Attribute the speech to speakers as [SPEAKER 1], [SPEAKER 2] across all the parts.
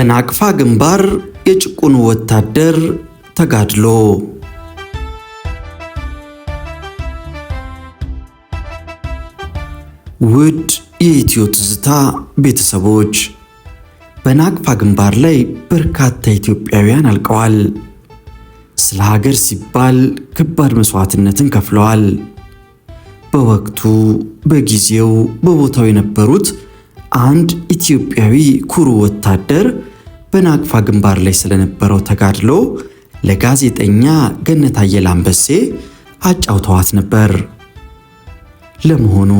[SPEAKER 1] በናቅፋ ግንባር የጭቁኑ ወታደር ተጋድሎ ውድ የኢትዮ ትዝታ ቤተሰቦች በናቅፋ ግንባር ላይ በርካታ ኢትዮጵያውያን አልቀዋል። ስለ ሀገር ሲባል ከባድ መስዋዕትነትን ከፍለዋል። በወቅቱ በጊዜው በቦታው የነበሩት አንድ ኢትዮጵያዊ ኩሩ ወታደር በናቅፋ ግንባር ላይ ስለነበረው ተጋድሎ ለጋዜጠኛ ገነት አየለ አንበሴ አጫውተዋት ነበር። ለመሆኑ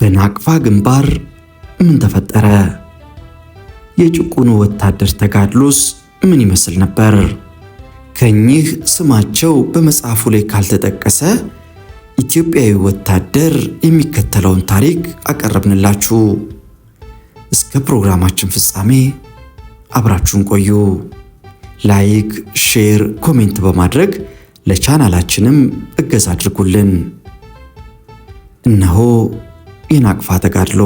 [SPEAKER 1] በናቅፋ ግንባር ምን ተፈጠረ? የጭቁኑ ወታደር ተጋድሎስ ምን ይመስል ነበር? ከኚህ ስማቸው በመጽሐፉ ላይ ካልተጠቀሰ ኢትዮጵያዊ ወታደር የሚከተለውን ታሪክ አቀረብንላችሁ። እስከ ፕሮግራማችን ፍጻሜ አብራችሁን ቆዩ። ላይክ፣ ሼር፣ ኮሜንት በማድረግ ለቻናላችንም እገዛ አድርጉልን። እነሆ የናቅፋ ተጋድሎ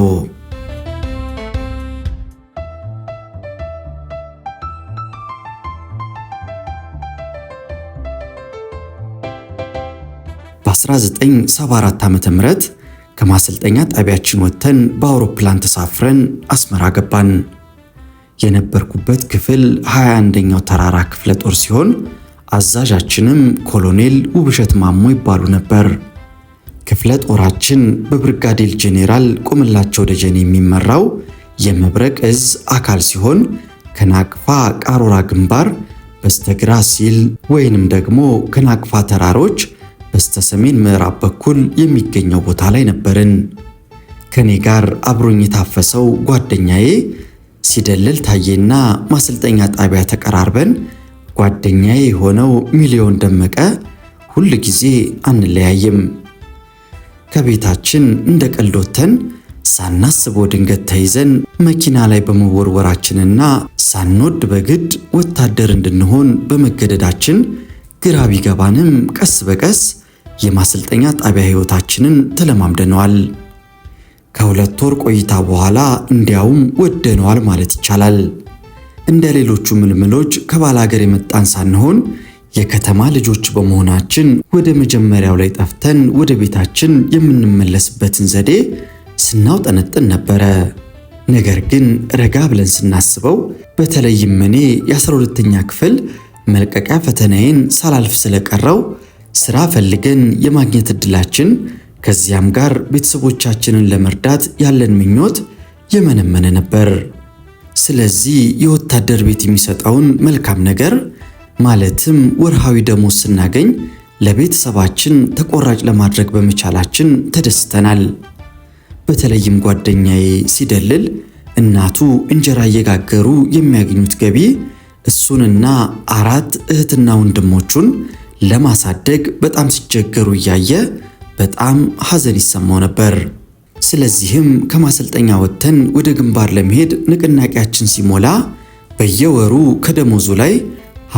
[SPEAKER 1] በ1974 ዓ.ም ከማሰልጠኛ ጣቢያችን ወጥተን በአውሮፕላን ተሳፍረን አስመራ ገባን። የነበርኩበት ክፍል 21ኛው ተራራ ክፍለ ጦር ሲሆን አዛዣችንም ኮሎኔል ውብሸት ማሞ ይባሉ ነበር። ክፍለ ጦራችን በብርጋዴር ጄኔራል ቁምላቸው ደጀን የሚመራው የመብረቅ እዝ አካል ሲሆን ከናቅፋ ቃሮራ ግንባር በስተግራ ሲል ወይንም ደግሞ ከናቅፋ ተራሮች በስተሰሜን ምዕራብ በኩል የሚገኘው ቦታ ላይ ነበርን። ከኔ ጋር አብሮኝ የታፈሰው ጓደኛዬ ሲደልል ታየና ማሰልጠኛ ጣቢያ ተቀራርበን ጓደኛዬ የሆነው ሚሊዮን ደመቀ ሁል ጊዜ አንለያይም። ከቤታችን እንደ ቀልዶተን ሳናስበው ድንገት ተይዘን መኪና ላይ በመወርወራችንና ሳንወድ በግድ ወታደር እንድንሆን በመገደዳችን ግራ ቢገባንም ቀስ በቀስ የማሰልጠኛ ጣቢያ ሕይወታችንን ተለማምደነዋል። ከሁለት ወር ቆይታ በኋላ እንዲያውም ወደነዋል ማለት ይቻላል። እንደ ሌሎቹ ምልምሎች ከባል ሀገር የመጣን ሳንሆን የከተማ ልጆች በመሆናችን ወደ መጀመሪያው ላይ ጠፍተን ወደ ቤታችን የምንመለስበትን ዘዴ ስናውጠነጥን ነበረ። ነገር ግን ረጋ ብለን ስናስበው በተለይም እኔ የ12ኛ ክፍል መልቀቂያ ፈተናዬን ሳላልፍ ስለቀረው ስራ ፈልገን የማግኘት ዕድላችን ከዚያም ጋር ቤተሰቦቻችንን ለመርዳት ያለን ምኞት የመነመነ ነበር። ስለዚህ የወታደር ቤት የሚሰጠውን መልካም ነገር ማለትም ወርሃዊ ደሞዝ ስናገኝ ለቤተሰባችን ተቆራጭ ለማድረግ በመቻላችን ተደስተናል። በተለይም ጓደኛዬ ሲደልል እናቱ እንጀራ እየጋገሩ የሚያገኙት ገቢ እሱንና አራት እህትና ወንድሞቹን ለማሳደግ በጣም ሲቸገሩ እያየ በጣም ሐዘን ይሰማው ነበር። ስለዚህም ከማሰልጠኛ ወጥተን ወደ ግንባር ለመሄድ ንቅናቄያችን ሲሞላ በየወሩ ከደሞዙ ላይ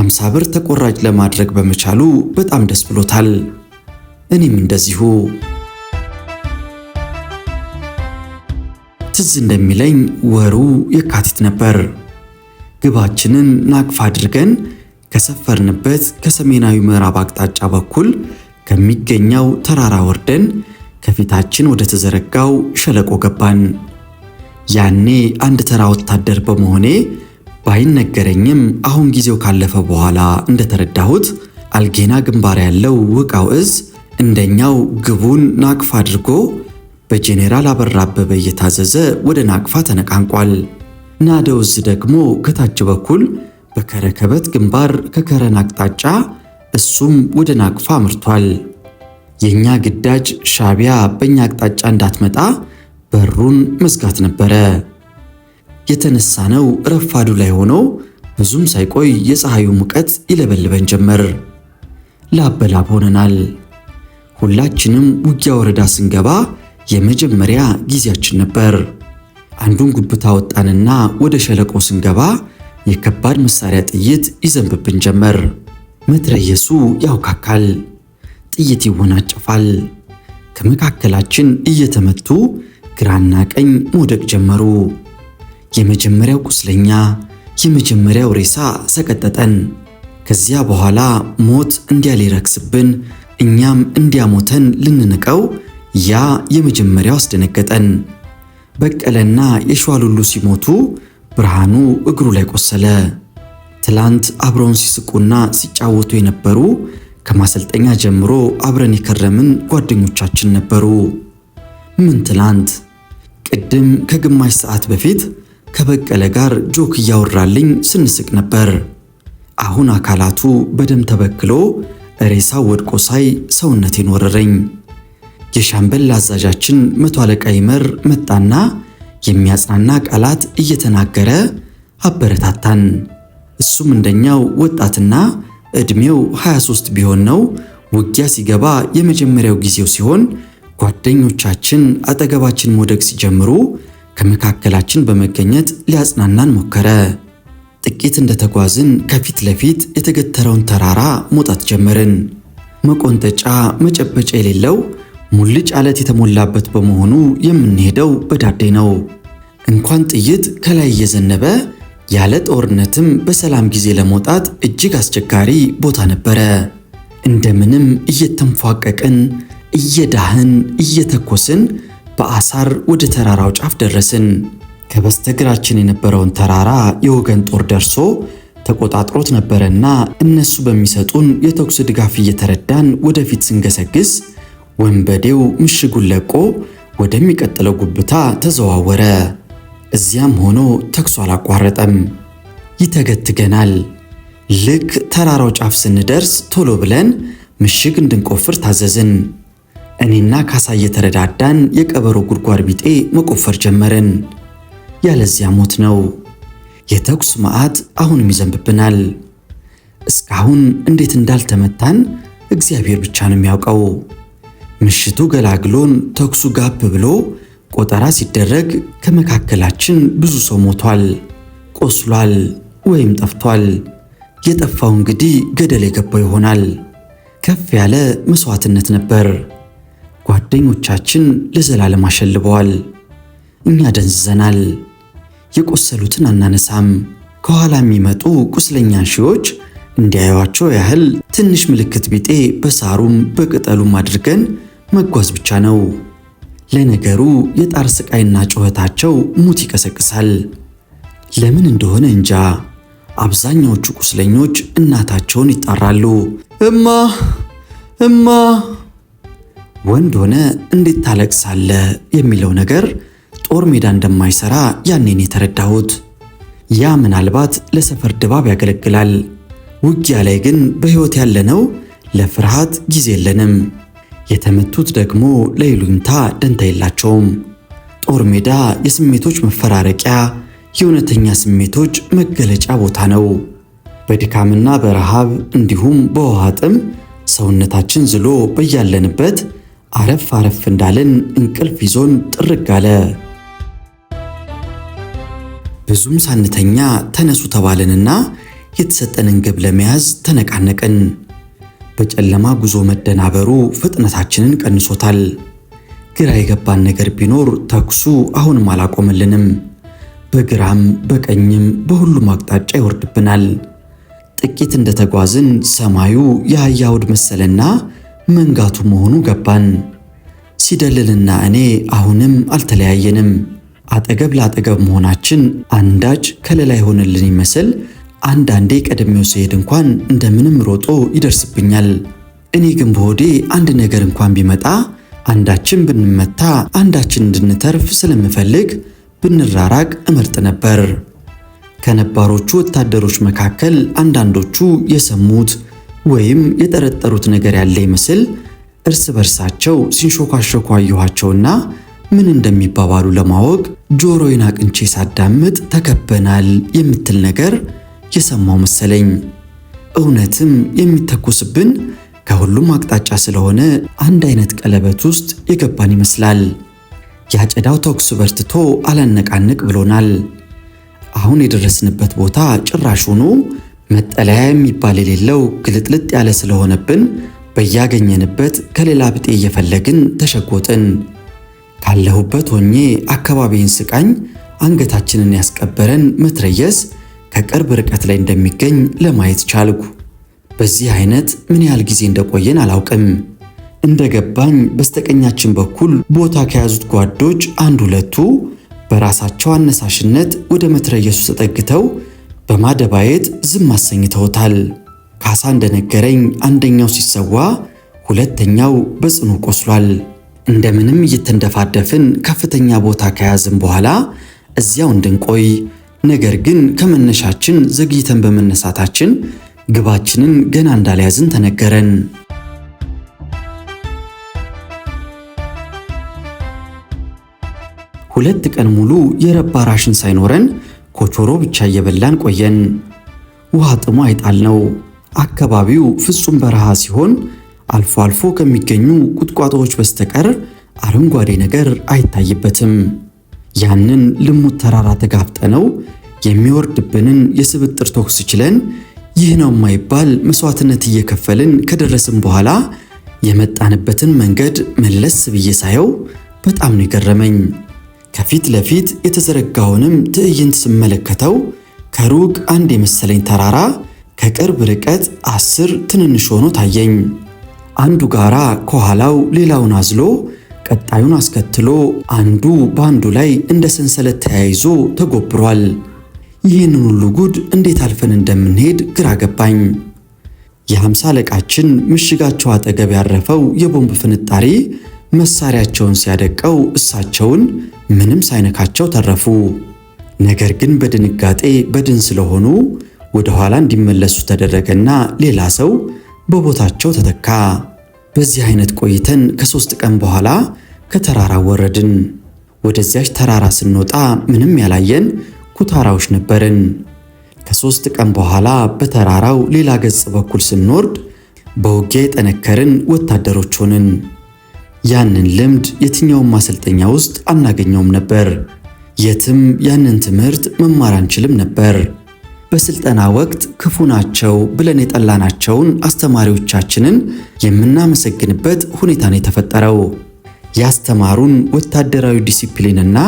[SPEAKER 1] 50 ብር ተቆራጭ ለማድረግ በመቻሉ በጣም ደስ ብሎታል። እኔም እንደዚሁ ትዝ እንደሚለኝ ወሩ የካቲት ነበር። ግባችንን ናቅፋ አድርገን ከሰፈርንበት ከሰሜናዊ ምዕራብ አቅጣጫ በኩል ከሚገኘው ተራራ ወርደን ከፊታችን ወደ ተዘረጋው ሸለቆ ገባን። ያኔ አንድ ተራ ወታደር በመሆኔ ባይነገረኝም አሁን ጊዜው ካለፈ በኋላ እንደተረዳሁት አልጌና ግንባር ያለው ውቃው እዝ እንደኛው ግቡን ናቅፋ አድርጎ በጄኔራል አበራ አበበ እየታዘዘ ወደ ናቅፋ ተነቃንቋል። ናደው እዝ ደግሞ ከታች በኩል በከረከበት ግንባር ከከረን አቅጣጫ እሱም ወደ ናቅፋ አምርቷል። የእኛ ግዳጅ ሻቢያ በእኛ አቅጣጫ እንዳትመጣ በሩን መዝጋት ነበረ። የተነሳነው ረፋዱ ላይ ሆኖ ብዙም ሳይቆይ የፀሐዩ ሙቀት ይለበልበን ጀመር። ላበላብ ሆነናል። ሁላችንም ውጊያ ወረዳ ስንገባ የመጀመሪያ ጊዜያችን ነበር። አንዱን ጉብታ ወጣንና ወደ ሸለቆ ስንገባ የከባድ መሳሪያ ጥይት ይዘንብብን ጀመር። መትረየሱ ያውካካል፣ ጥይት ይወናጨፋል። ከመካከላችን እየተመቱ ግራና ቀኝ መውደቅ ጀመሩ። የመጀመሪያው ቁስለኛ፣ የመጀመሪያው ሬሳ ሰቀጠጠን። ከዚያ በኋላ ሞት እንዲያ ሊረክስብን እኛም እንዲያሞተን ልንንቀው ያ የመጀመሪያው አስደነገጠን። በቀለና የሸዋሉሉ ሲሞቱ ብርሃኑ እግሩ ላይ ቆሰለ። ትላንት አብረውን ሲስቁና ሲጫወቱ የነበሩ ከማሰልጠኛ ጀምሮ አብረን የከረምን ጓደኞቻችን ነበሩ። ምን ትላንት ቅድም ከግማሽ ሰዓት በፊት ከበቀለ ጋር ጆክ እያወራልኝ ስንስቅ ነበር። አሁን አካላቱ በደም ተበክሎ ሬሳው ወድቆ ሳይ ሰውነቴን ወረረኝ። የሻምበል አዛዣችን መቶ አለቃ ይመር መጣና የሚያጽናና ቃላት እየተናገረ አበረታታን። እሱም እንደኛው ወጣትና እድሜው 23 ቢሆን ነው። ውጊያ ሲገባ የመጀመሪያው ጊዜው ሲሆን ጓደኞቻችን አጠገባችን መውደቅ ሲጀምሩ ከመካከላችን በመገኘት ሊያጽናናን ሞከረ። ጥቂት እንደተጓዝን ከፊት ለፊት የተገተረውን ተራራ መውጣት ጀመርን። መቆንጠጫ መጨበጫ የሌለው ሙልጭ አለት የተሞላበት በመሆኑ የምንሄደው በዳዴ ነው። እንኳን ጥይት ከላይ እየዘነበ ያለ ጦርነትም በሰላም ጊዜ ለመውጣት እጅግ አስቸጋሪ ቦታ ነበረ። እንደምንም እየተንፏቀቅን እየዳህን እየተኮስን በአሳር ወደ ተራራው ጫፍ ደረስን። ከበስተግራችን የነበረውን ተራራ የወገን ጦር ደርሶ ተቆጣጥሮት ነበረና እነሱ በሚሰጡን የተኩስ ድጋፍ እየተረዳን ወደፊት ስንገሰግስ ወንበዴው ምሽጉን ለቆ ወደሚቀጥለው ጉብታ ተዘዋወረ። እዚያም ሆኖ ተኩሱ አላቋረጠም። ይተገትገናል። ልክ ተራራው ጫፍ ስንደርስ ቶሎ ብለን ምሽግ እንድንቆፍር ታዘዝን። እኔና ካሳ እየተረዳዳን የቀበሮ ጉድጓድ ቢጤ መቆፈር ጀመርን። ያለዚያ ሞት ነው። የተኩስ መዓት አሁንም ይዘንብብናል። እስካሁን እንዴት እንዳልተመታን እግዚአብሔር ብቻ ነው የሚያውቀው። ምሽቱ ገላግሎን ተኩሱ ጋብ ብሎ ቆጠራ ሲደረግ ከመካከላችን ብዙ ሰው ሞቷል፣ ቆስሏል ወይም ጠፍቷል። የጠፋው እንግዲህ ገደል የገባው ይሆናል። ከፍ ያለ መስዋዕትነት ነበር። ጓደኞቻችን ለዘላለም አሸልበዋል። እኛ ደንዝዘናል። የቆሰሉትን አናነሳም። ከኋላ የሚመጡ ቁስለኛ ሺዎች እንዲያዩዋቸው ያህል ትንሽ ምልክት ቢጤ በሳሩም በቅጠሉም አድርገን መጓዝ ብቻ ነው። ለነገሩ የጣር ስቃይና ጩኸታቸው ሙት ይቀሰቅሳል። ለምን እንደሆነ እንጃ አብዛኛዎቹ ቁስለኞች እናታቸውን ይጣራሉ። እማ እማ ወንድ ሆነ እንዴት ታለቅሳለ የሚለው ነገር ጦር ሜዳ እንደማይሰራ ያኔን የተረዳሁት። ያ ምናልባት ለሰፈር ድባብ ያገለግላል። ውጊያ ላይ ግን በሕይወት ያለነው ለፍርሃት ጊዜ የለንም። የተመቱት ደግሞ ለይሉኝታ ደንታ የላቸውም። ጦር ሜዳ የስሜቶች መፈራረቂያ፣ የእውነተኛ ስሜቶች መገለጫ ቦታ ነው። በድካምና በረሃብ እንዲሁም በውሃ ጥም ሰውነታችን ዝሎ በያለንበት አረፍ አረፍ እንዳልን እንቅልፍ ይዞን ጥርግ አለ። ብዙም ሳንተኛ ተነሱ ተባለንና የተሰጠንን ግብ ለመያዝ ተነቃነቅን። በጨለማ ጉዞ መደናበሩ ፍጥነታችንን ቀንሶታል። ግራ የገባን ነገር ቢኖር ተኩሱ አሁንም አላቆምልንም። በግራም በቀኝም በሁሉም አቅጣጫ ይወርድብናል። ጥቂት እንደተጓዝን ሰማዩ የአህያ አውድ መሰለና መንጋቱ መሆኑ ገባን። ሲደልልና እኔ አሁንም አልተለያየንም። አጠገብ ለአጠገብ መሆናችን አንዳች ከለላ የሆነልን ይመስል አንዳንዴ ቀድሜው ስሄድ እንኳን እንደምንም ሮጦ ይደርስብኛል። እኔ ግን በሆዴ አንድ ነገር እንኳን ቢመጣ አንዳችን ብንመታ አንዳችን እንድንተርፍ ስለምፈልግ ብንራራቅ እመርጥ ነበር። ከነባሮቹ ወታደሮች መካከል አንዳንዶቹ የሰሙት ወይም የጠረጠሩት ነገር ያለ ይመስል እርስ በርሳቸው ሲንሾካሾኩ አየኋቸውና ምን እንደሚባባሉ ለማወቅ ጆሮዬን አቅንቼ ሳዳምጥ ተከበናል የምትል ነገር የሰማው መሰለኝ። እውነትም የሚተኮስብን ከሁሉም አቅጣጫ ስለሆነ አንድ አይነት ቀለበት ውስጥ የገባን ይመስላል። ያጨዳው ተኩስ በርትቶ አላነቃንቅ ብሎናል። አሁን የደረስንበት ቦታ ጭራሽ ሆኖ መጠለያ የሚባል የሌለው ግልጥልጥ ያለ ስለሆነብን በያገኘንበት ከሌላ ብጤ እየፈለግን ተሸጎጥን። ካለሁበት ሆኜ አካባቢን ስቃኝ አንገታችንን ያስቀበረን መትረየስ ከቅርብ ርቀት ላይ እንደሚገኝ ለማየት ቻልኩ። በዚህ አይነት ምን ያህል ጊዜ እንደቆየን አላውቅም። እንደገባኝ በስተቀኛችን በኩል ቦታ ከያዙት ጓዶች አንድ ሁለቱ በራሳቸው አነሳሽነት ወደ መትረየሱ ተጠግተው በማደባየት ዝም አሰኝተውታል። ካሳ እንደነገረኝ አንደኛው ሲሰዋ፣ ሁለተኛው በጽኑ ቆስሏል። እንደምንም እየተንደፋደፍን ከፍተኛ ቦታ ከያዝን በኋላ እዚያው እንድንቆይ ነገር ግን ከመነሻችን ዘግይተን በመነሳታችን ግባችንን ገና እንዳልያዝን ተነገረን። ሁለት ቀን ሙሉ የረባ ራሽን ሳይኖረን ኮቾሮ ብቻ እየበላን ቆየን። ውሃ ጥሙ አይጣል ነው። አካባቢው ፍጹም በረሃ ሲሆን አልፎ አልፎ ከሚገኙ ቁጥቋጦዎች በስተቀር አረንጓዴ ነገር አይታይበትም። ያንን ልሙት ተራራ ተጋፍጠነው የሚወርድብንን የስብጥር ተኩስ ችለን ይህ ነው የማይባል መስዋዕትነት እየከፈልን ከደረስን በኋላ የመጣንበትን መንገድ መለስ ብዬ ሳየው በጣም ነው የገረመኝ። ከፊት ለፊት የተዘረጋውንም ትዕይንት ስመለከተው ከሩቅ አንድ የመሰለኝ ተራራ ከቅርብ ርቀት አስር ትንንሽ ሆኖ ታየኝ። አንዱ ጋራ ከኋላው ሌላውን አዝሎ ቀጣዩን አስከትሎ አንዱ በአንዱ ላይ እንደ ሰንሰለት ተያይዞ ተጎብሯል። ይህን ሁሉ ጉድ እንዴት አልፈን እንደምንሄድ ግራ ገባኝ። የሀምሳ አለቃችን ምሽጋቸው አጠገብ ያረፈው የቦምብ ፍንጣሪ መሳሪያቸውን ሲያደቀው እሳቸውን ምንም ሳይነካቸው ተረፉ። ነገር ግን በድንጋጤ በድን ስለሆኑ ወደ ኋላ እንዲመለሱ ተደረገና ሌላ ሰው በቦታቸው ተተካ። በዚህ አይነት ቆይተን ከሶስት ቀን በኋላ ከተራራ ወረድን። ወደዚያች ተራራ ስንወጣ ምንም ያላየን ኩታራዎች ነበርን። ከሶስት ቀን በኋላ በተራራው ሌላ ገጽ በኩል ስንወርድ በውጊያ የጠነከርን ወታደሮች ሆንን። ያንን ልምድ የትኛውም ማሰልጠኛ ውስጥ አናገኘውም ነበር። የትም ያንን ትምህርት መማር አንችልም ነበር። በስልጠና ወቅት ክፉ ናቸው ብለን የጠላናቸውን አስተማሪዎቻችንን የምናመሰግንበት ሁኔታ ነው የተፈጠረው ያስተማሩን ወታደራዊ ዲሲፕሊንና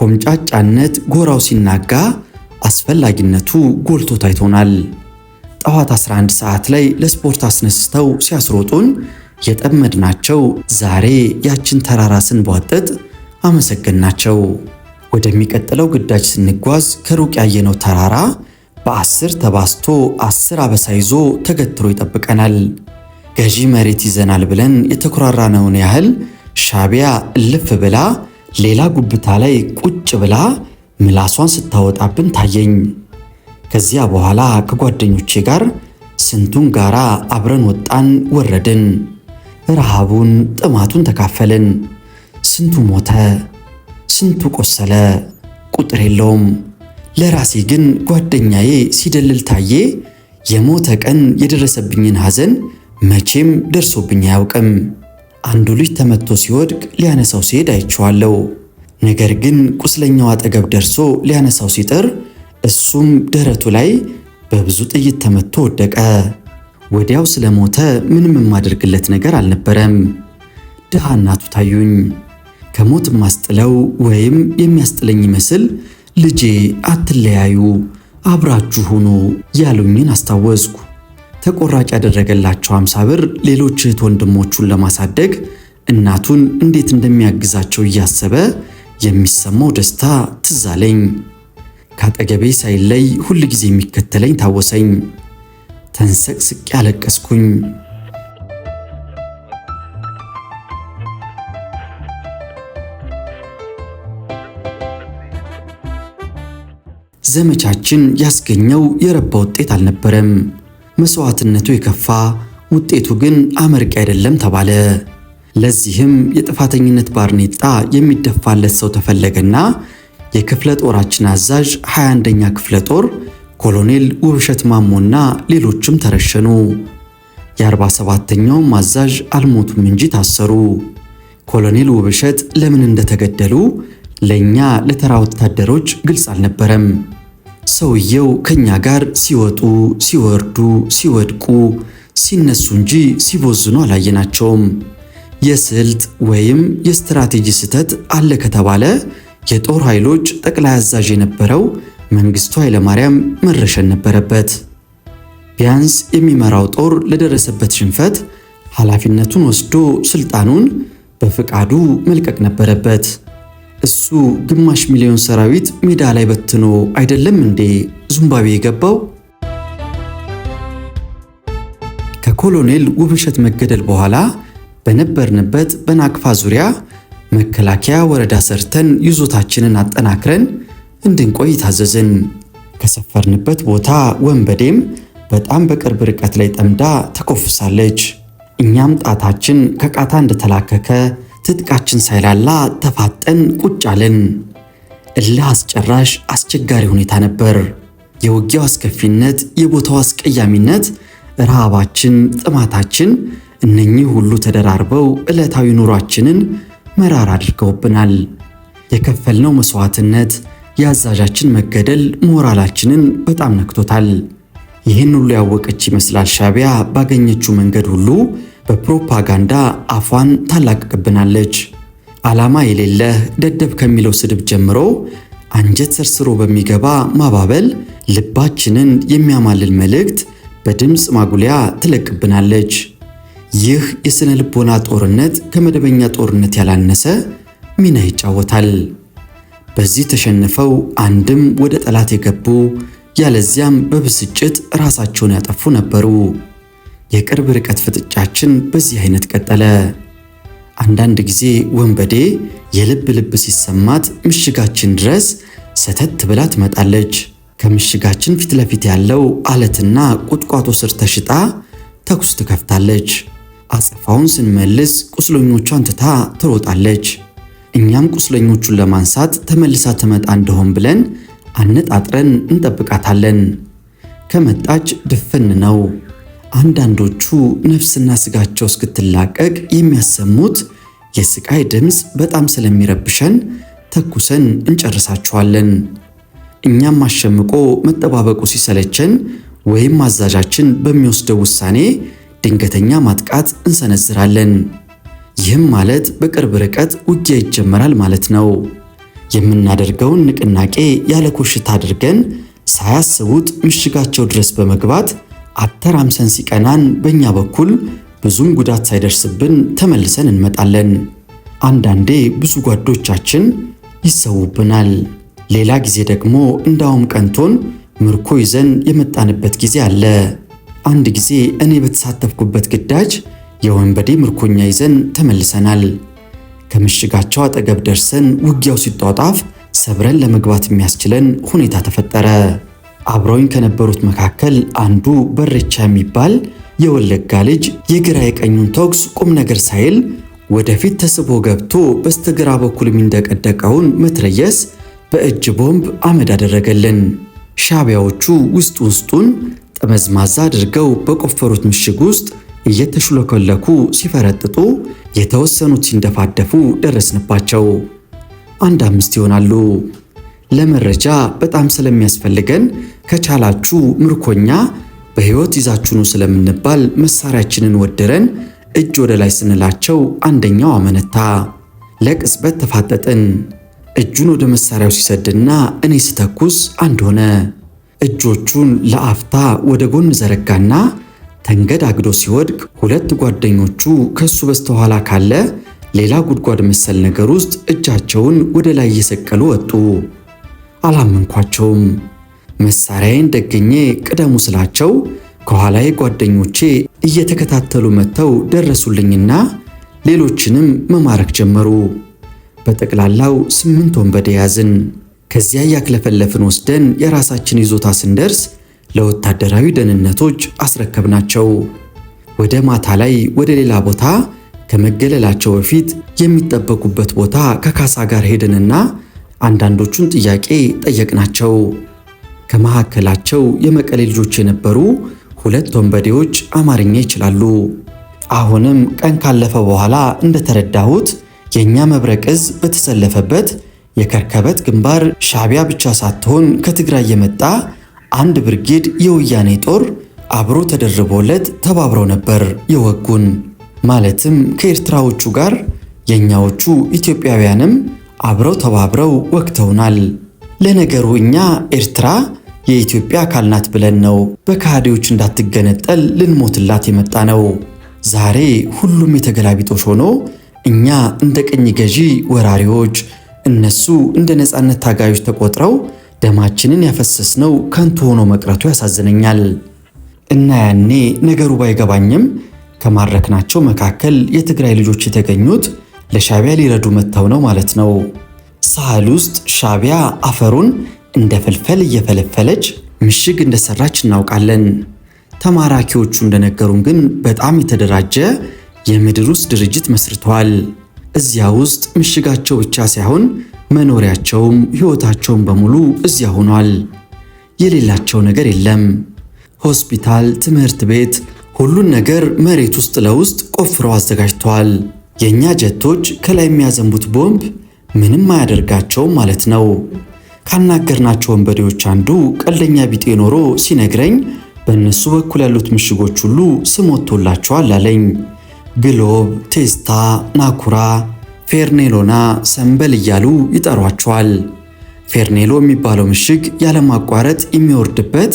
[SPEAKER 1] ኮምጫጫነት ጎራው ሲናጋ አስፈላጊነቱ ጎልቶ ታይቶናል። ጠዋት 11 ሰዓት ላይ ለስፖርት አስነስተው ሲያስሮጡን የጠመድናቸው ዛሬ ያችን ተራራ ስንቧጥጥ አመሰገንናቸው። ወደሚቀጥለው ግዳጅ ስንጓዝ ከሩቅ ያየነው ተራራ በአስር ተባስቶ አስር አበሳ ይዞ ተገትሮ ይጠብቀናል። ገዢ መሬት ይዘናል ብለን የተኮራራነውን ያህል ሻቢያ እልፍ ብላ ሌላ ጉብታ ላይ ቁጭ ብላ ምላሷን ስታወጣብን ታየኝ። ከዚያ በኋላ ከጓደኞቼ ጋር ስንቱን ጋራ አብረን ወጣን ወረድን። ረሃቡን ጥማቱን ተካፈልን። ስንቱ ሞተ፣ ስንቱ ቆሰለ፣ ቁጥር የለውም። ለራሴ ግን ጓደኛዬ ሲደልል ታዬ የሞተ ቀን የደረሰብኝን ሐዘን መቼም ደርሶብኝ አያውቅም። አንዱ ልጅ ተመቶ ሲወድቅ ሊያነሳው ሲሄድ አይቼዋለሁ። ነገር ግን ቁስለኛው አጠገብ ደርሶ ሊያነሳው ሲጥር እሱም ደረቱ ላይ በብዙ ጥይት ተመቶ ወደቀ። ወዲያው ስለሞተ ምንም የማደርግለት ነገር አልነበረም። ድሃ እናቱ ታዩኝ። ከሞት የማስጥለው ወይም የሚያስጥለኝ ይመስል ልጄ አትለያዩ፣ አብራችሁ ሁኑ ያሉኝን አስታወስኩ። ተቆራጭ ያደረገላቸው አምሳ ብር ሌሎች እህት ወንድሞቹን ለማሳደግ እናቱን እንዴት እንደሚያግዛቸው እያሰበ የሚሰማው ደስታ ትዝ አለኝ። ሳይል ሳይለይ ሁል ጊዜ የሚከተለኝ ታወሰኝ። ተንሰቅስቄ አለቀስኩኝ። ዘመቻችን ያስገኘው የረባ ውጤት አልነበረም። መስዋዕትነቱ የከፋ ውጤቱ ግን አመርቂ አይደለም ተባለ። ለዚህም የጥፋተኝነት ባርኔጣ የሚደፋለት ሰው ተፈለገና የክፍለ ጦራችን አዛዥ 21ኛ ክፍለ ጦር ኮሎኔል ውብሸት ማሞና ሌሎችም ተረሸኑ። የ47ኛው አዛዥ አልሞቱም እንጂ ታሰሩ። ኮሎኔል ውብሸት ለምን እንደተገደሉ ለእኛ ለተራ ወታደሮች ግልጽ አልነበረም። ሰውየው ከኛ ጋር ሲወጡ ሲወርዱ ሲወድቁ ሲነሱ እንጂ ሲቦዝኑ አላየናቸውም። የስልት ወይም የስትራቴጂ ስህተት አለ ከተባለ የጦር ኃይሎች ጠቅላይ አዛዥ የነበረው መንግስቱ ኃይለማርያም መረሸን ነበረበት። ቢያንስ የሚመራው ጦር ለደረሰበት ሽንፈት ኃላፊነቱን ወስዶ ስልጣኑን በፍቃዱ መልቀቅ ነበረበት። እሱ ግማሽ ሚሊዮን ሰራዊት ሜዳ ላይ በትኖ አይደለም እንዴ ዙምባቤ የገባው? ከኮሎኔል ውብሸት መገደል በኋላ በነበርንበት በናቅፋ ዙሪያ መከላከያ ወረዳ ሰርተን ይዞታችንን አጠናክረን እንድንቆይ ታዘዝን። ከሰፈርንበት ቦታ ወንበዴም በጣም በቅርብ ርቀት ላይ ጠምዳ ተኮፍሳለች። እኛም ጣታችን ከቃታ እንደተላከከ ትጥቃችን ሳይላላ ተፋጠን ቁጭ አለን። እልህ አስጨራሽ አስቸጋሪ ሁኔታ ነበር። የውጊያው አስከፊነት፣ የቦታው አስቀያሚነት፣ ረሃባችን፣ ጥማታችን፣ እነኚህ ሁሉ ተደራርበው ዕለታዊ ኑሯችንን መራር አድርገውብናል። የከፈልነው መሥዋዕትነት፣ የአዛዣችን መገደል ሞራላችንን በጣም ነክቶታል። ይህን ሁሉ ያወቀች ይመስላል ሻቢያ ባገኘችው መንገድ ሁሉ በፕሮፓጋንዳ አፏን ታላቅቅብናለች። ዓላማ የሌለህ ደደብ ከሚለው ስድብ ጀምሮ አንጀት ሰርስሮ በሚገባ ማባበል ልባችንን የሚያማልል መልእክት በድምፅ ማጉሊያ ትለቅብናለች። ይህ የሥነ ልቦና ጦርነት ከመደበኛ ጦርነት ያላነሰ ሚና ይጫወታል። በዚህ ተሸንፈው አንድም ወደ ጠላት የገቡ ያለዚያም በብስጭት ራሳቸውን ያጠፉ ነበሩ። የቅርብ ርቀት ፍጥጫችን በዚህ አይነት ቀጠለ። አንዳንድ ጊዜ ወንበዴ የልብ ልብ ሲሰማት ምሽጋችን ድረስ ሰተት ብላ ትመጣለች። ከምሽጋችን ፊት ለፊት ያለው አለትና ቁጥቋጦ ስር ተሽጣ ተኩስ ትከፍታለች። አጸፋውን ስንመልስ ቁስለኞቿን ትታ ትሮጣለች። እኛም ቁስለኞቹን ለማንሳት ተመልሳ ትመጣ እንደሆን ብለን አነጣጥረን እንጠብቃታለን። ከመጣች ድፍን ነው። አንዳንዶቹ ነፍስና ስጋቸው እስክትላቀቅ የሚያሰሙት የስቃይ ድምፅ በጣም ስለሚረብሸን ተኩሰን እንጨርሳቸዋለን። እኛም አሸምቆ መጠባበቁ ሲሰለቸን ወይም አዛዣችን በሚወስደው ውሳኔ ድንገተኛ ማጥቃት እንሰነዝራለን። ይህም ማለት በቅርብ ርቀት ውጊያ ይጀመራል ማለት ነው። የምናደርገውን ንቅናቄ ያለ ኮሽታ አድርገን ሳያስቡት ምሽጋቸው ድረስ በመግባት አተራምሰን ሲቀናን በእኛ በኩል ብዙም ጉዳት ሳይደርስብን ተመልሰን እንመጣለን። አንዳንዴ ብዙ ጓዶቻችን ይሰውብናል። ሌላ ጊዜ ደግሞ እንዳውም ቀንቶን ምርኮ ይዘን የመጣንበት ጊዜ አለ። አንድ ጊዜ እኔ በተሳተፍኩበት ግዳጅ የወንበዴ ምርኮኛ ይዘን ተመልሰናል። ከምሽጋቸው አጠገብ ደርሰን ውጊያው ሲጧጣፍ ሰብረን ለመግባት የሚያስችለን ሁኔታ ተፈጠረ። አብረውኝ ከነበሩት መካከል አንዱ በርቻ የሚባል የወለጋ ልጅ የግራ የቀኙን ተኩስ ቁም ነገር ሳይል ወደፊት ተስቦ ገብቶ በስተግራ በኩል የሚንደቀደቀውን መትረየስ በእጅ ቦምብ አመድ አደረገልን። ሻቢያዎቹ ውስጥ ውስጡን ጠመዝማዛ አድርገው በቆፈሩት ምሽግ ውስጥ እየተሽለከለኩ ሲፈረጥጡ፣ የተወሰኑት ሲንደፋደፉ ደረስንባቸው። አንድ አምስት ይሆናሉ። ለመረጃ በጣም ስለሚያስፈልገን ከቻላችሁ ምርኮኛ በህይወት ይዛችሁኑ ስለምንባል መሳሪያችንን ወደረን እጅ ወደ ላይ ስንላቸው አንደኛው አመነታ። ለቅጽበት ተፋጠጥን። እጁን ወደ መሳሪያው ሲሰድና እኔ ስተኩስ አንድ ሆነ። እጆቹን ለአፍታ ወደ ጎን ዘረጋና ተንገድ አግዶ ሲወድቅ ሁለት ጓደኞቹ ከሱ በስተኋላ ካለ ሌላ ጉድጓድ መሰል ነገር ውስጥ እጃቸውን ወደ ላይ እየሰቀሉ ወጡ። አላመንኳቸውም። መሳሪያዬን ደግኜ ቅደሙ ስላቸው ከኋላዬ ጓደኞቼ እየተከታተሉ መጥተው ደረሱልኝና ሌሎችንም መማረክ ጀመሩ። በጠቅላላው ስምንት ወንበዴ ያዝን። ከዚያ እያክለፈለፍን ወስደን የራሳችን ይዞታ ስንደርስ ለወታደራዊ ደህንነቶች አስረከብናቸው። ወደ ማታ ላይ ወደ ሌላ ቦታ ከመገለላቸው በፊት የሚጠበቁበት ቦታ ከካሳ ጋር ሄደንና አንዳንዶቹን ጥያቄ ጠየቅናቸው። ከመካከላቸው የመቀሌ ልጆች የነበሩ ሁለት ወንበዴዎች አማርኛ ይችላሉ። አሁንም ቀን ካለፈ በኋላ እንደተረዳሁት የእኛ መብረቅ እዝ በተሰለፈበት የከርከበት ግንባር ሻቢያ ብቻ ሳትሆን ከትግራይ የመጣ አንድ ብርጌድ የወያኔ ጦር አብሮ ተደርቦለት ተባብረው ነበር የወጉን። ማለትም ከኤርትራዎቹ ጋር የእኛዎቹ ኢትዮጵያውያንም አብረው ተባብረው ወቅተውናል። ለነገሩ እኛ ኤርትራ የኢትዮጵያ አካል ናት ብለን ነው በከሃዲዎች እንዳትገነጠል ልንሞትላት የመጣ ነው። ዛሬ ሁሉም የተገላቢጦች ሆኖ እኛ እንደ ቅኝ ገዢ ወራሪዎች፣ እነሱ እንደ ነፃነት ታጋዮች ተቆጥረው ደማችንን ያፈሰስነው ከንቱ ሆኖ መቅረቱ ያሳዝነኛል። እና ያኔ ነገሩ ባይገባኝም ከማረክናቸው መካከል የትግራይ ልጆች የተገኙት ለሻቢያ ሊረዱ መጥተው ነው ማለት ነው። ሳህል ውስጥ ሻቢያ አፈሩን እንደ ፍልፈል እየፈለፈለች ምሽግ እንደሰራች እናውቃለን። ተማራኪዎቹ እንደነገሩን ግን በጣም የተደራጀ የምድር ውስጥ ድርጅት መስርተዋል። እዚያ ውስጥ ምሽጋቸው ብቻ ሳይሆን መኖሪያቸውም ሕይወታቸውም በሙሉ እዚያ ሆኗል። የሌላቸው ነገር የለም። ሆስፒታል፣ ትምህርት ቤት፣ ሁሉን ነገር መሬት ውስጥ ለውስጥ ቆፍረው አዘጋጅተዋል። የእኛ ጀቶች ከላይ የሚያዘንቡት ቦምብ ምንም አያደርጋቸውም ማለት ነው። ካናገርናቸው ወንበዴዎች አንዱ ቀልደኛ ቢጤ ኖሮ ሲነግረኝ በእነሱ በኩል ያሉት ምሽጎች ሁሉ ስም ወጥቶላቸዋል አለኝ። ግሎብ፣ ቴስታ፣ ናኩራ፣ ፌርኔሎና ሰንበል እያሉ ይጠሯቸዋል። ፌርኔሎ የሚባለው ምሽግ ያለማቋረጥ የሚወርድበት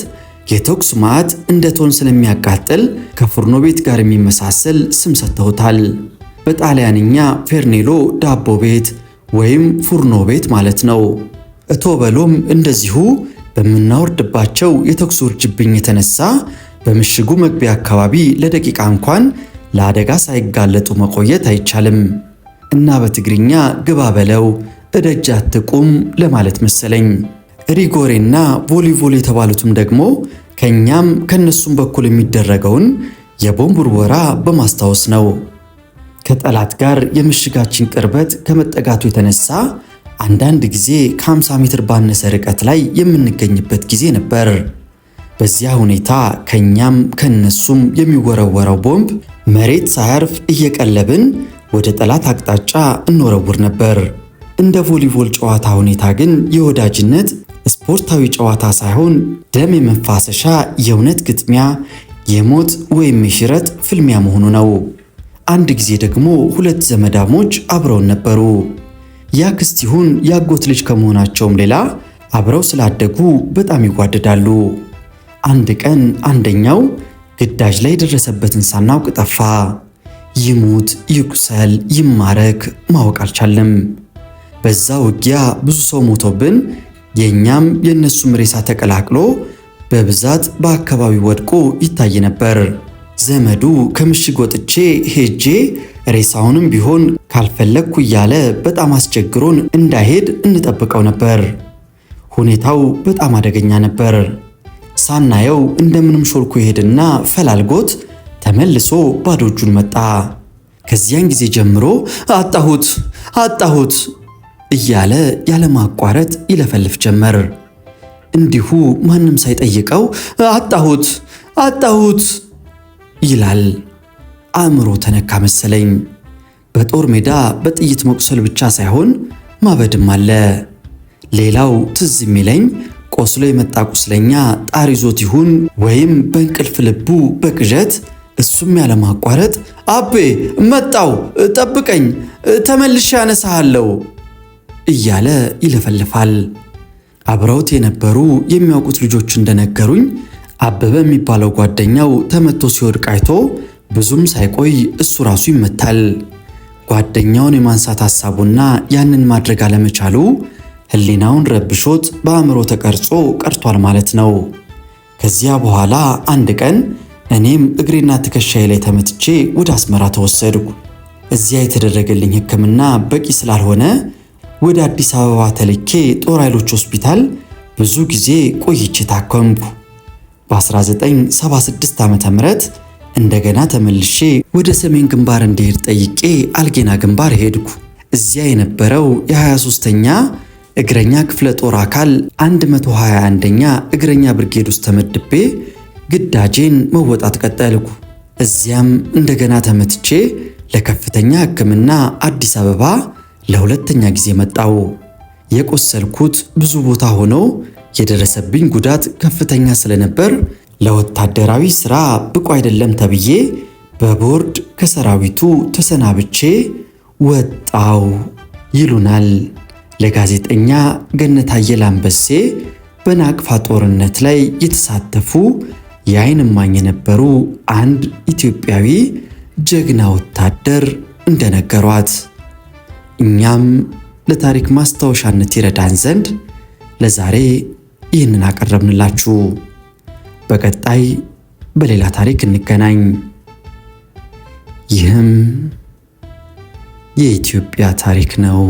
[SPEAKER 1] የተኩስ ማዕት እንደ ቶን ስለሚያቃጥል ከፉርኖ ቤት ጋር የሚመሳሰል ስም ሰጥተውታል። በጣሊያንኛ ፌርኔሎ ዳቦ ቤት ወይም ፉርኖ ቤት ማለት ነው። እቶበሎም እንደዚሁ በምናወርድባቸው የተኩስ ውርጅብኝ የተነሳ በምሽጉ መግቢያ አካባቢ ለደቂቃ እንኳን ለአደጋ ሳይጋለጡ መቆየት አይቻልም እና በትግርኛ ግባ በለው እደጃ ትቁም ለማለት መሰለኝ። ሪጎሬና ቮሊቮል የተባሉትም ደግሞ ከእኛም ከእነሱም በኩል የሚደረገውን የቦምብ ውርወራ በማስታወስ ነው። ከጠላት ጋር የምሽጋችን ቅርበት ከመጠጋቱ የተነሳ አንዳንድ ጊዜ ከ50 ሜትር ባነሰ ርቀት ላይ የምንገኝበት ጊዜ ነበር። በዚያ ሁኔታ ከኛም ከነሱም የሚወረወረው ቦምብ መሬት ሳያርፍ እየቀለብን ወደ ጠላት አቅጣጫ እንወረውር ነበር። እንደ ቮሊቦል ጨዋታ ሁኔታ ግን የወዳጅነት ስፖርታዊ ጨዋታ ሳይሆን ደም የመፋሰሻ የእውነት ግጥሚያ፣ የሞት ወይም የሽረት ፍልሚያ መሆኑ ነው። አንድ ጊዜ ደግሞ ሁለት ዘመዳሞች አብረውን ነበሩ። ያክስት ይሁን ያጎት ልጅ ከመሆናቸውም ሌላ አብረው ስላደጉ በጣም ይጓደዳሉ። አንድ ቀን አንደኛው ግዳጅ ላይ የደረሰበትን ሳናውቅ ጠፋ። ይሙት ይቁሰል ይማረክ ማወቅ አልቻለም። በዛ ውጊያ ብዙ ሰው ሞቶብን የእኛም የእነሱም ሬሳ ተቀላቅሎ በብዛት በአካባቢው ወድቆ ይታይ ነበር። ዘመዱ ከምሽግ ወጥቼ ሄጄ ሬሳውንም ቢሆን ካልፈለግኩ እያለ በጣም አስቸግሮን እንዳይሄድ እንጠብቀው ነበር። ሁኔታው በጣም አደገኛ ነበር። ሳናየው እንደምንም ሾልኮ ይሄድና ፈላልጎት ተመልሶ ባዶ እጁን መጣ። ከዚያን ጊዜ ጀምሮ አጣሁት አጣሁት እያለ ያለማቋረጥ ይለፈልፍ ጀመር። እንዲሁ ማንም ሳይጠይቀው አጣሁት አጣሁት ይላል። አእምሮ ተነካ መሰለኝ። በጦር ሜዳ በጥይት መቁሰል ብቻ ሳይሆን ማበድም አለ። ሌላው ትዝ የሚለኝ ቆስሎ የመጣ ቁስለኛ ጣር ይዞት ይሁን ወይም በእንቅልፍ ልቡ በቅዠት እሱም ያለማቋረጥ አቤ መጣው፣ ጠብቀኝ፣ ተመልሼ ያነሳሃለሁ እያለ ይለፈልፋል። አብረውት የነበሩ የሚያውቁት ልጆች እንደነገሩኝ አበበ የሚባለው ጓደኛው ተመቶ ሲወድቅ አይቶ ብዙም ሳይቆይ እሱ ራሱ ይመታል። ጓደኛውን የማንሳት ሐሳቡና ያንን ማድረግ አለመቻሉ ህሊናውን ረብሾት በአእምሮ ተቀርጾ ቀርቷል ማለት ነው። ከዚያ በኋላ አንድ ቀን እኔም እግሬና ትከሻዬ ላይ ተመትቼ ወደ አስመራ ተወሰድኩ። እዚያ የተደረገልኝ ሕክምና በቂ ስላልሆነ ወደ አዲስ አበባ ተልኬ ጦር ኃይሎች ሆስፒታል ብዙ ጊዜ ቆይቼ ታከምኩ። በ1976 ዓ ም እንደገና ተመልሼ ወደ ሰሜን ግንባር እንዲሄድ ጠይቄ አልጌና ግንባር ሄድኩ። እዚያ የነበረው የ23ኛ እግረኛ ክፍለ ጦር አካል 121ኛ እግረኛ ብርጌድ ውስጥ ተመድቤ ግዳጄን መወጣት ቀጠልኩ። እዚያም እንደገና ተመትቼ ለከፍተኛ ሕክምና አዲስ አበባ ለሁለተኛ ጊዜ መጣው። የቆሰልኩት ብዙ ቦታ ሆነው የደረሰብኝ ጉዳት ከፍተኛ ስለነበር ለወታደራዊ ስራ ብቁ አይደለም ተብዬ በቦርድ ከሰራዊቱ ተሰናብቼ ወጣው ይሉናል ለጋዜጠኛ ገነት አየለ አንበሴ በናቅፋ ጦርነት ላይ የተሳተፉ የአይንማኝ እማኝ የነበሩ አንድ ኢትዮጵያዊ ጀግና ወታደር እንደነገሯት። እኛም ለታሪክ ማስታወሻነት ይረዳን ዘንድ ለዛሬ ይህንን አቀረብንላችሁ። በቀጣይ በሌላ ታሪክ እንገናኝ። ይህም የኢትዮጵያ ታሪክ ነው።